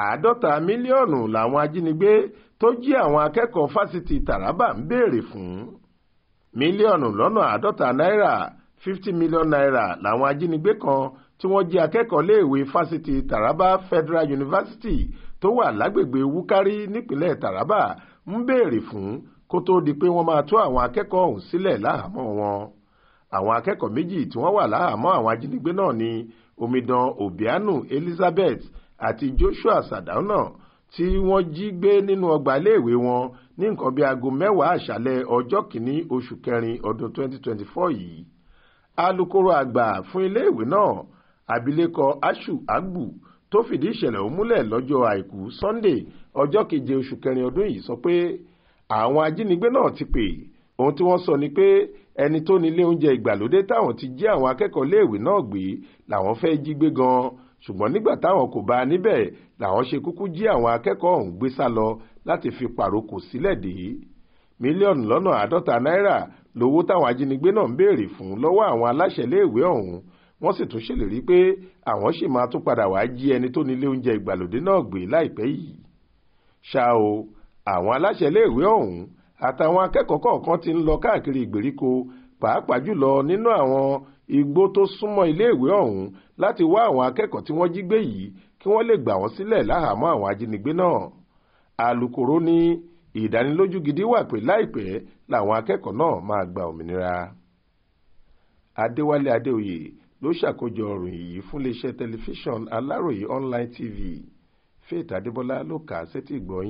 àádọ́ta mílíọ̀nù làwọn ajínigbé tó jí àwọn akẹ́kọ̀ọ́ fásitì Taraba ń béèrè fún mílíọ̀nù lọ́nà àádọ́ta náírà fifty million naira làwọn ajínigbé kan tí wọ́n jí akẹ́kọ̀ọ́ léèwé fásitì Taraba Federal University tó wà lágbègbè Wúkárí nípínlẹ̀ Taraba ń béèrè fún kó tó di pé wọ́n máa tú àwọn akẹ́kọ̀ọ́ ọ̀hún sílẹ̀ láhàámọ́ wọn àwọn akẹ́kọ̀ọ́ méjì tí wọ́n wà láhàámọ́ àwọn ajínigbé náà ni omidan Obianu Elizabeth àti Joshua Sàdáúnà tí wọ́n jí gbé nínú ọgbà iléèwé wọn ní nǹkan bíi aago mẹ́wàá àṣálẹ́ ọjọ́ kìíní oṣù kẹrin ọdún 2024 yìí alukoro àgbà fún iléèwé náà abilékọ Ashu Agbu tó fìdí ìṣẹ̀lẹ̀ ọ̀hún lọ́jọ́ àìkú Sunday ọjọ́ keje oṣù kẹrin ọdún yìí sọ pé àwọn ajínigbé náà ti pè ohun tí wọ́n sọ ni pé ẹni tó ní ilé oúnjẹ ìgbàlódé táwọn ti jí àwọn akẹ́kọ̀ọ́ iléèwé náà gbé làwọn fẹ́ jí gbé gan-an ṣùgbọ́n nígbà táwọn kò bá a níbẹ̀ làwọn ṣe kúkú jí àwọn akẹ́kọ̀ọ́ ọ̀hún gbé sá lọ láti fi pàrókò sílẹ̀ dè é mílíọ̀nù lọ́nà àádọ́ta náírà lówó táwọn ajínigbé náà ń béèrè fún lọ́wọ́ àwọn aláṣẹ iléèwé ọ̀hún wọ́n sì tún ṣèlérí pé àwọn sì máa tún padà wá jí ẹni tó nílé oúnjẹ ìgbàlódé náà gbé láìpẹ́ yìí ṣá o àwọn aláṣẹ iléèwé ọ̀hún àtàwọn akẹ́kọ̀ọ́ kọ̀ọ̀kan ti ń lọ káàkiri ìgbèríko pàápàá jùlọ nínú àwọn igbó tó súnmọ́ iléèwé ọ̀hún láti wá àwọn akẹ́kọ̀ọ́ tí wọ́n jí gbé yìí kí wọ́n lè gbà wọ́n sílẹ̀ láhàámọ́ àwọn ajínigbé náà alūkkóró ní ìdánilójú gidi wà pé láìpẹ́ làwọn akẹ́kọ̀ọ́ náà máa gba òmìnira adéwálé adéoyè ló ṣàkójọ ìròyìn yìí fún iléeṣẹ́ tẹlifíṣàn aláròye online tv faith adébọlá ló kà á sétí ìgbọ́